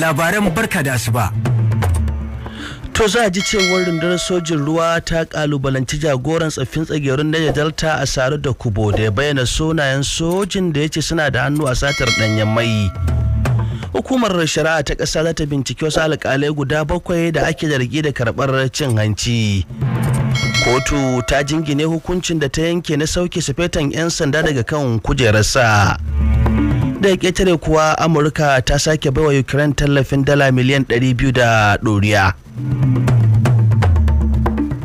labaran barka da ba. To za a ji cewar rundunar sojin ruwa ta kalubalanci jagoran tsaffin tsagerun Niger Delta a Saru da Kubo da ya bayyana sunayen sojin da ya ce suna da hannu a satar ɗanyen mai. Hukumar shari'a ta ƙasa za ta binciki wasu alƙalai guda bakwai da ake zargi da karɓar cin hanci. Kotu ta jingine hukuncin da ta yanke na sauke sufetan 'yan sanda daga kan kujerarsa. ya ƙetare kuwa amurka ta sake baiwa ukraine tallafin dala miliyan 200 da ɗoriya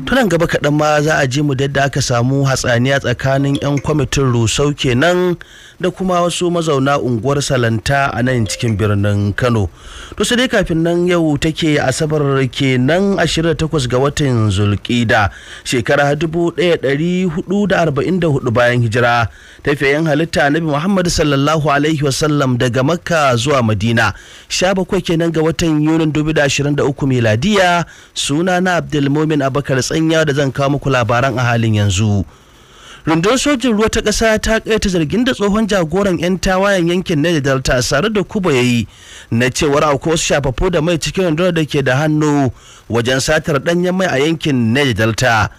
tunan gaba kaɗan ma za a ji mu da aka samu hatsaniya tsakanin 'yan kwamitin rusau kenan da kuma wasu mazauna unguwar salanta a nan cikin birnin kano to sai dai kafin nan yau take asabar kenan 28 ga watan zulkida shekara 1444 bayan hijira tafiyayen halitta nabi muhammad sallallahu alaihi wasallam daga makka zuwa madina 17 kenan ga watan yunin 2023 miladiya suna na abdulmumin abakar tsanya da zan kawo muku labaran a halin yanzu rundun sojin ruwa ta ƙasa ta kaita zargin da tsohon jagoran 'yan tawayen yankin na delta sare da kuba ya yi na cewar akwai wasu shafafu da mai cikin rundunar da ke da hannu wajen satar ɗanyen mai a yankin na delta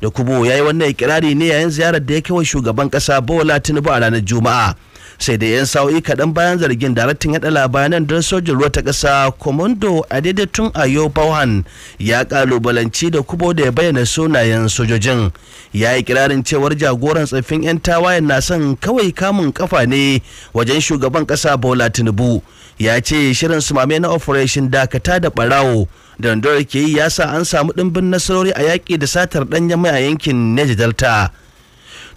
da kubo ya yi wannan ikirari ne yayin ziyarar da ya kai wa shugaban ƙasa bola tinubu a ranar juma'a sai da 'yan sa'o'i kaɗan bayan zargin daraktan yaɗa labaran don sojin ruwa ta ƙasa komando a tun ayo bauhan ya ƙalubalanci da kubo da ya bayyana sunayen sojojin ya yi kirarin cewar jagoran tsaffin 'yan tawayen na son kawai kamun kafa ne wajen shugaban ƙasa bola tinubu ya ce shirin sumame na operation dakata da barawo da ke yi ya sa an samu ɗimbin nasarori a yaƙi da satar ɗanyen mai a yankin neja delta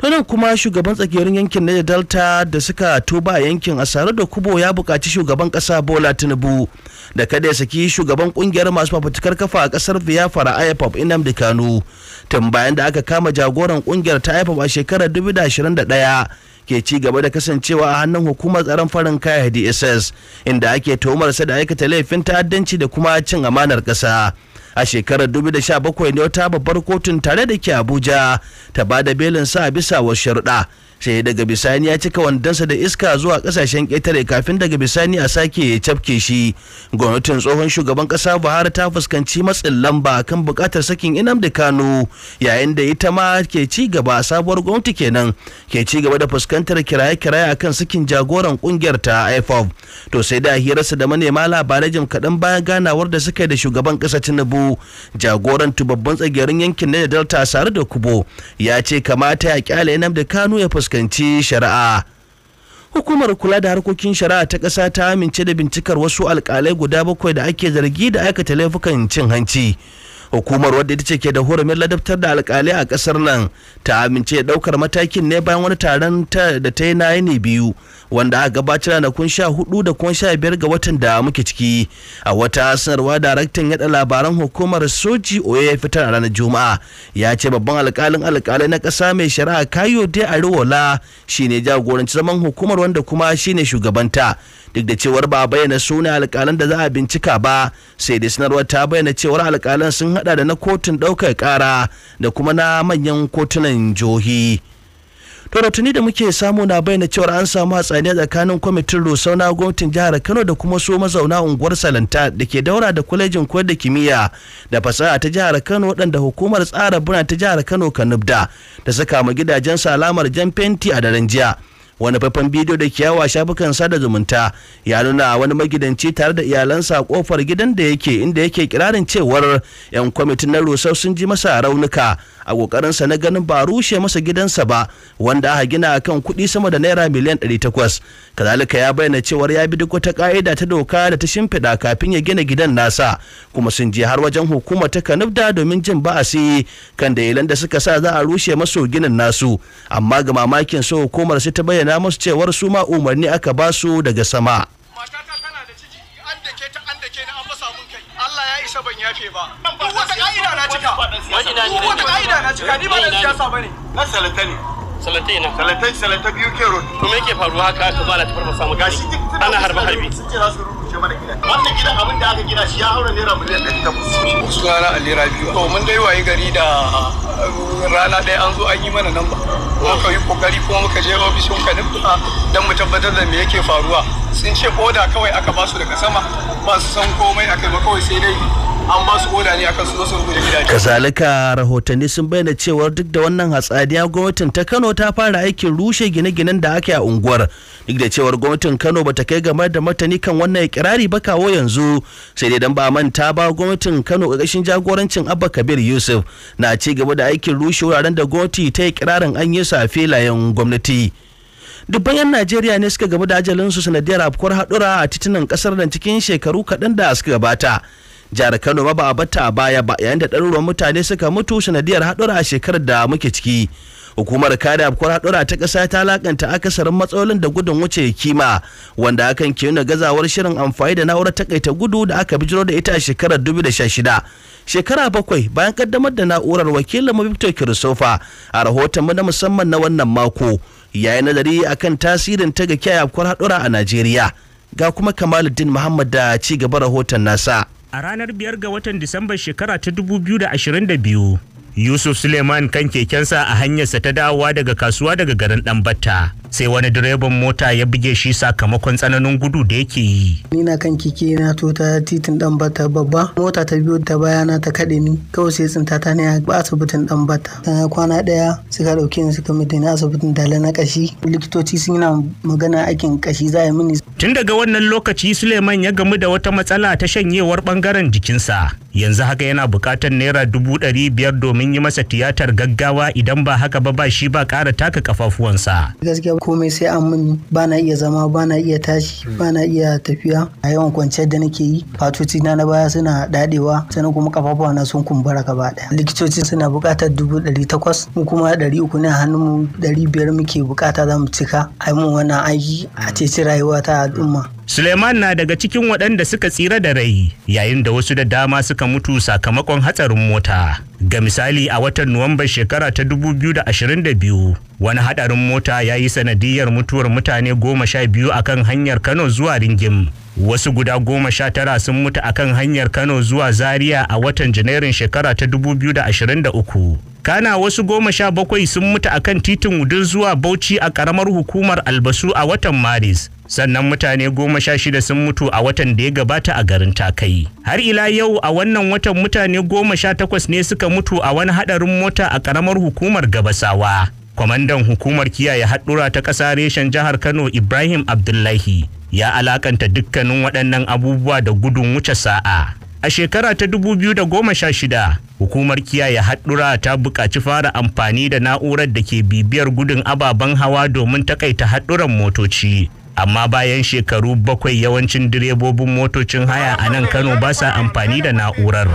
nan kuma shugaban tsakiyar yankin na Delta da suka tuba yankin sare da Kubo ya buƙaci shugaban ƙasa Bola Tinubu da kada ya saki shugaban kungiyar masu fafutukar kafa a ƙasar Biafra IFAP Nnamdi Kanu tun bayan da aka kama jagoran kungiyar ta IFAP a shekarar 2021 ke ci gaba da kasancewa a hannun hukumar tsaron farin kaya DSS inda ake sa da aikata laifin ta'addanci da kuma cin amanar ƙasa. a shekarar 2017 ne wata babbar kotun tare da ke abuja ta ba da belin sa bisa wa sharuɗa sai daga bisani ya cika wandonsa da iska zuwa kasashen ƙetare kafin daga bisani a sake ya cafke shi gwamnatin tsohon shugaban ƙasa buhari ta fuskanci matsin lamba kan buƙatar sakin inamdi kano yayin da ita ma ke ci gaba sabuwar gwamnati kenan ke ci gaba da fuskantar kiraye-kiraye akan sakin jagoran ƙungiyar ta ifob to sai da hirarsa da manema labarai jim kaɗan bayan ganawar da suka yi da shugaban ƙasa tinubu jagoran babban tsagerin yankin na delta sare da kubo ya ce kamata ya kyale inamdi kano ya fuskanci fuskanci shari'a hukumar kula da harkokin shari'a ta ƙasa ta amince da bincikar wasu alƙalai guda bakwai da ake zargi da aikata laifukan cin hanci hukumar wadda ita ce ke da hurumin ladabtar da alkalai a kasar nan ta amince daukar matakin ne bayan wani taron da ta yi na ne biyu wanda aka gabatar na kun sha hudu da kun sha biyar ga watan da muke ciki a wata sanarwa daraktan yada labaran hukumar soji oye ya fitar a ranar juma'a ya ce babban alkalin alkalai na kasa mai shari'a kayo de ariwola shine jagoranci zaman hukumar wanda kuma shine shugabanta duk da cewar ba bayyana suna alƙalan da za a bincika ba sai dai sanarwar ta bayyana cewar alƙalan sun hada da na kotun ɗaukar ƙara da kuma na manyan kotunan jihohi to da tuni da muke samu na bayyana cewar an samu a tsakanin kwamitin rusau na gwamnatin jihar kano da kuma su mazauna unguwar salanta da ke daura da kwalejin koyar da kimiyya da fasaha ta jihar kano waɗanda hukumar tsara buna ta jihar kano kanubda da saka ma gidajen salamar jan fenti a daren jiya wani faifan bidiyo da kiyawa shafukan sada zumunta ya nuna wani magidanci tare da iyalansa a kofar gidan da yake inda yake kirarin cewar 'yan kwamitin na rusau sun ji masa raunuka a kokarinsa na ganin ba rushe masa gidansa ba wanda aka gina akan kuɗi sama da naira miliyan 800 kazalika ya bayyana cewar ya bi duk wata ka'ida ta doka da ta shimfiɗa kafin ya gina gidan nasa kuma sun je har wajen hukumar ta kanubda domin jin ba'asi kan dalilan da suka sa za a rushe masu ginin nasu amma ga mamakin so hukumar sai ta bayyana musu cewar su ma umarni aka ba su daga sama kashe ban yafe ba duk wata ka'ida na cika duk wata ka'ida na cika ni ba na siyasa bane na salata ne salatai na salatai salata biyu ke road to me yake faruwa haka ka ba bala tafar farfasa mu gashi ana harba harbi suke za su rubuce mana gidan wannan gidan abin da aka gina shi ya haura naira miliyan 100 sunana ali biyu. to mun dai waye gari da uh, rana ɗaya an zo an yi mana nan ba muka yi kokari kuma muka je ofishin ka kanin don mu tabbatar da me yake faruwa sun ce oda kawai aka ba su daga sama ba su san komai akai ba kawai sai dai an ba su oda ne akan su zo su rubuta gidaje kazalika rahotanni sun bayyana cewar duk da wannan hatsaniya gwamnatin ta Kano ta fara aikin rushe gine-ginen da ake a unguwar duk da cewar gwamnatin Kano ba ta kai game da martani kan wannan ikirari ba kawo yanzu sai dai dan ba manta ba gwamnatin Kano ƙarƙashin jagorancin Abba Kabir Yusuf na ci gaba da aikin rushe wuraren da gwamnati ta yi kirarin an yi a filayen gwamnati dubban 'yan najeriya ne suka gaba da ajalinsu sanadiyar afkuwar haɗura a titunan kasar nan cikin shekaru kaɗan da suka gabata jihar kano ma ba a batta a baya ba yayin da ɗaruruwan mutane suka mutu sanadiyar haɗura a shekarar da muke ciki hukumar kare afkuwar haɗura ta ƙasa ta lakanta akasarin matsalolin da gudun wuce kima wanda akan ke nuna gazawar shirin amfani da na'urar takaita gudu da aka bijiro da ita a shekarar 2016 shekara bakwai bayan kaddamar da na'urar wakilin victor kirisofa a rahoton na musamman na wannan mako yayi nazari akan tasirin ta ga kyayafkuwar haɗura a najeriya ga kuma kamaluddin muhammad da ci gaba rahoton nasa A ranar biyar ga watan Disambar shekara ta 2022, Yusuf Suleiman kan kekensa a hanyarsa ta dawowa daga kasuwa daga garin Ɗanbata. sai wani direban mota ya buge shi sakamakon tsananin gudu da yake yi ni na kan kike na to ta titin dan bata babba mota ta biyo ta bayana ta kade ni kawai sai tsinta ta ne a asibitin dan bata na kwana daya suka dauke ni suka mutu ni asibitin dala na kashi likitoci sun yana magana aikin kashi za a yi mini tun daga wannan lokaci suleiman ya gamu da wata matsala ta shanyewar bangaren jikinsa yanzu haka yana bukatar naira dubu ɗari biyar domin yi masa tiyatar gaggawa idan ba haka ba ba shi ba ƙara taka kafafuwansa gaskiya komai sai an mun ba na iya zama ba na iya tashi hmm. ba na iya tafiya a yawan kwanciyar da nake yi fatoci na na baya suna dadewa sannan kuma kafafuwa na sun kumbura gaba daya likitoci suna bukatar dubu ɗari takwas mu kuma ɗari uku ne hannun mu ɗari biyar muke bukata za mu cika a mun wannan aiki a hmm. ceci rayuwa ta al'umma Suleiman na daga cikin waɗanda suka tsira da rai yayin da wasu da dama suka mutu sakamakon hatsarin mota. Ga misali a watan Nuwamban shekara ta 2022 wani hadarin mota ya yi sanadiyar mutuwar mutane goma sha biyu a kan hanyar Kano zuwa Ringim. Wasu guda goma sha tara sun mutu a kan hanyar Kano zuwa Zaria a watan Janairun shekara ta 2023. Kana wasu goma sha bakwai sun mutu akan titin wudin zuwa Bauchi a ƙaramar hukumar Albasu a watan Maris. sannan mutane goma sha shida sun mutu a watan da ya gabata a garin takai har ila yau a wannan watan mutane goma sha takwas ne suka mutu a wani haɗarin mota a ƙaramar hukumar gabasawa kwamandan hukumar kiyaye haɗura ta ƙasa reshen jihar kano ibrahim abdullahi ya alakanta dukkanin waɗannan abubuwa da gudun wuce sa'a a shekara ta dubu biyu da goma sha shida, hukumar kiyaye haɗura ta buƙaci fara amfani da na'urar da ke bibiyar gudun ababen hawa domin takaita haɗuran motoci amma bayan shekaru bakwai yawancin direbobin motocin haya a nan kano ba sa amfani da na'urar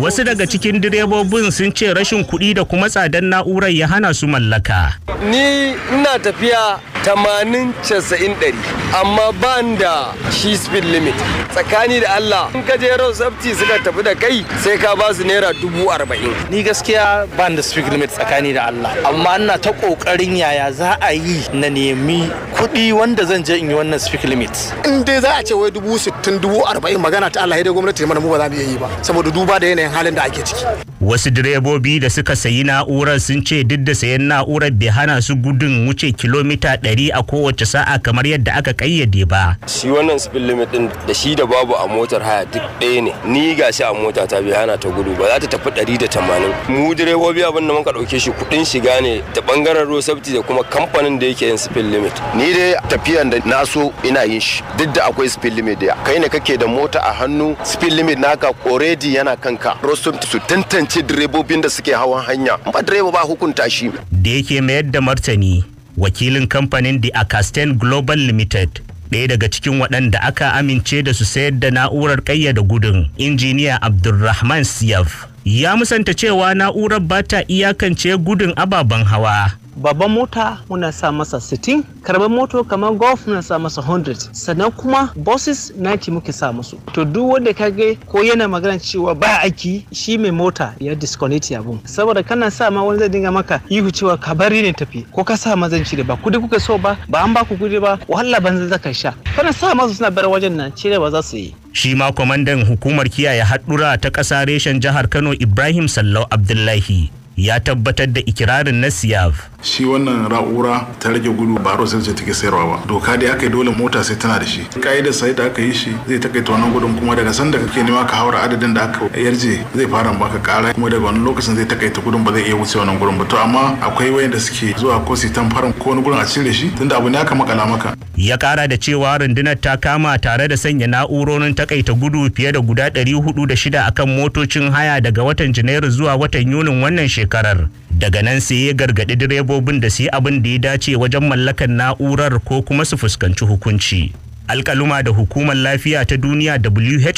wasu daga cikin direbobin sun ce rashin kuɗi da kuma tsadar na'urar ya hana su mallaka ni ina tafiya tamanin casa'in ɗari amma ba da shi speed limit tsakani da Allah in ka je road suka tafi da kai sai ka ba su naira dubu arba'in ni gaskiya ba da speed limit tsakani da Allah amma ina ta kokarin yaya za a yi na nemi kuɗi wanda zan je in yi wannan speed limit in dai za a ce wai dubu sittin dubu arba'in magana ta Allah da gwamnati mana mu ba za mu iya yi ba saboda duba da yanayin halin da ake ciki wasu direbobi da suka sayi na'urar sun ce duk da sayan na'urar bai hana su gudun wuce kilomita dari a kowace sa'a kamar yadda aka kayyade ba. Shi wannan speed limit ɗin da shi da babu a motar haya duk ɗaya ne. Ni ga shi a mota ta bai hana ta gudu ba za ta tafi ɗari da tamanin. Mu direbobi abin da muka ɗauke shi kuɗin shiga ne da ɓangaren road safety da kuma kamfanin da yake yin speed limit. Ni dai tafiyan da na so ina yin shi duk da akwai speed limit da kai ne kake da mota a hannu speed limit naka already yana kanka. Road safety su tantance direbobin da suke hawan hanya. Ba direba ba hukunta shi. Da yake mayar da martani wakilin kamfanin the Acasten Global Limited. ɗaya daga cikin waɗanda aka amince da su sayar da na'urar ƙayyada gudun injiniya abdulrahman siyaf ya musanta cewa na'urar ba ta iyakance gudun ababen hawa babban mota muna sa masa 60 karban moto kamar golf muna sa masa 100 sannan kuma bosses 90 muke sa musu to duk wanda ka ga ko yana magana cewa ba aiki shi mai mota ya disconnect bu saboda kana sa ma wani zai dinga maka ihu cewa ka bari ne tafi ko ka sa mazan cire ba kudi kuka so ba ba an ba ku kudi ba wahala banza zaka sha kana sa masu suna bar wajen nan cire ba za su yi shi ma kwamandan hukumar kiyaye haɗura ta ƙasa reshen jihar kano ibrahim sallau abdullahi ya tabbatar da ikirarin na siyav shi wannan ra'ura ta rage gudu ba rosa ce take sayarwa ba doka da aka yi dole mota sai tana da shi ka'idar sai da aka yi shi zai takaita wannan gudun kuma daga sanda kake nema ka haura adadin da aka yarje zai fara baka kara kuma daga wani lokacin zai takaita gudun ba zai iya wuce wannan gudun ba to amma akwai wayanda suke zuwa ko su fara ko wani gudun a cire shi tunda abu ne aka makala maka ya kara da cewa rundunar ta kama tare da sanya na'urorin takaita gudu fiye da guda 406 akan motocin haya daga watan janairu zuwa watan yunin wannan shekara shekarar daga nan sai ya gargaɗi direbobin da su abin da ya dace wajen mallakar na'urar ko kuma su fuskanci hukunci alkaluma da hukumar lafiya ta duniya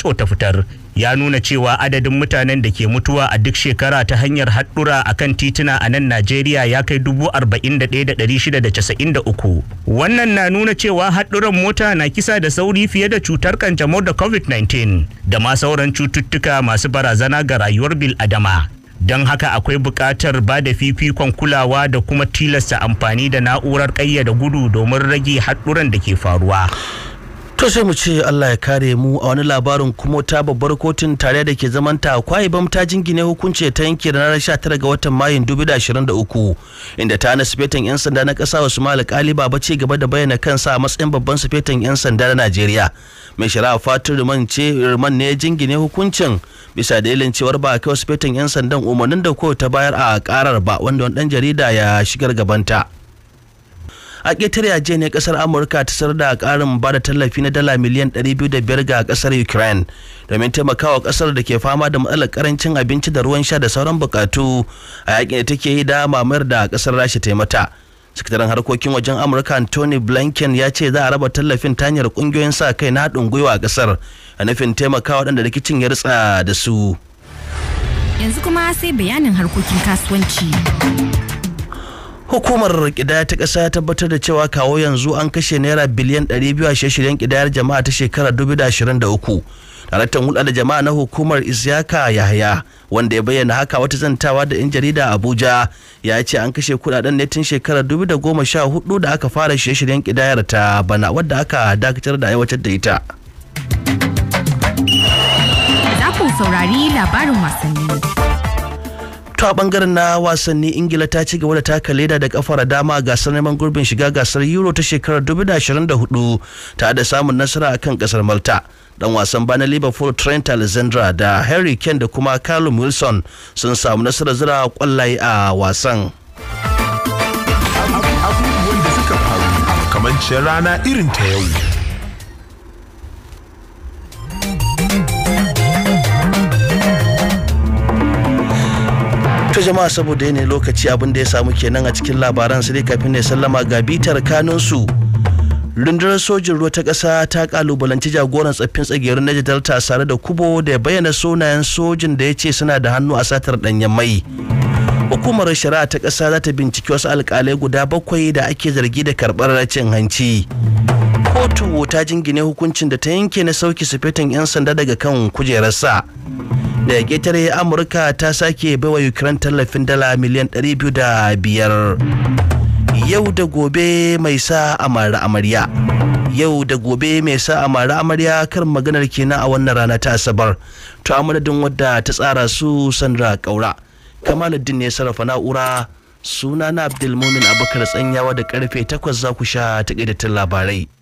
who ta fitar ya nuna cewa adadin mutanen da ke mutuwa a duk shekara ta hanyar haɗura a kan tituna a nan najeriya ya kai dubu da da uku. wannan na nuna cewa haɗuran mota na kisa da sauri fiye da cutar kanjamau da covid-19 da ma sauran cututtuka masu barazana ga rayuwar bil adama. don haka akwai buƙatar ba da fifikon kulawa da kuma tilasta amfani da na'urar ƙayyada gudu domin rage haɗuran da ke faruwa. to sai mu ce Allah ya kare mu a wani labarin kuma ta babbar kotun tare da ke zamanta kwai bam ta jingine hukunci ta yanke ranar 19 ga watan mayun 2023 inda ta na yan sanda na kasa Usman Alkali Baba ce gaba da bayyana kansa a matsayin babban sufetan yan sanda na Najeriya mai shari'a Fatu Ruman ce Ruman ne jingine hukuncin bisa dalilin cewar ba a kai sufetan yan sandan umarnin da ko ta bayar a karar ba wanda wani dan jarida ya shigar gabanta. a ƙetare jiya ne ƙasar amurka ta sar da ƙarin ba da tallafi na dala miliyan biyar ga ƙasar ukraine domin taimakawa ƙasar da ke fama da matsalar ƙarancin abinci da ruwan sha da sauran buƙatu a yaƙin da take yi da mamayar da ƙasar rasha ta mata sakataren harkokin wajen amurka Tony blinken ya ce za a raba tallafin ta hanyar ƙungiyoyin sa kai na haɗin gwiwa a ƙasar a nufin taimakawa waɗanda rikicin ya rutsa da su yanzu kuma sai bayanin harkokin kasuwanci hukumar kidaya ta kasa ya tabbatar da cewa kawo yanzu an kashe naira biliyan 200 a shirye kidayar jama'a ta shekarar 2023 daraktan hulɗa da jama'a na hukumar isyaka yahaya wanda ya bayyana haka wata zantawa da 'yan jarida abuja ya ce an kashe kudaden ne tun shekarar 2014 da aka fara shirye-shiryen kidayar ta bana wadda aka dakatar da aiwatar da ita za saurari labarin wasanni to a bangaren na wasanni ingila ta ci gaba da taka leda da kafar dama a gasar neman gurbin shiga gasar euro ta shekarar 2024 ta da samun nasara akan kasar malta dan wasan bana liverpool trent alexandra da harry kane da kuma callum wilson sun samu nasarar zira kwallaye a wasan abubuwan da suka faru kamar rana irin ta yau to jama'a saboda yanayin lokaci abin da ya samu kenan a cikin labaran sai dai kafin ne sallama ga bitar su rundunar sojin ruwa ta ƙasa ta kalubalanci jagoran tsaffin tsagerin na delta sare da kubo da bayyana sunayen sojin da ya ce suna da hannu a satar ɗanyen mai hukumar shari'a ta ƙasa za ta binciki wasu alƙalai guda bakwai da ake zargi da karɓar cin hanci kotu ta jingine hukuncin da ta yanke na sauki sufetin 'yan sanda daga kan kujerarsa da ƙetare amurka ta sake baiwa ukraine tallafin dala miliyan 205 yau da gobe mai sa amara amarya yau da gobe mai sa a amara amarya kan maganar kenan a wannan rana ta asabar to amadadin wadda ta tsara su sandra kaura kamaluddin ne sarrafa na'ura suna na abdulmumin abubakar tsanyawa da karfe 8 za ku sha takaitattun labarai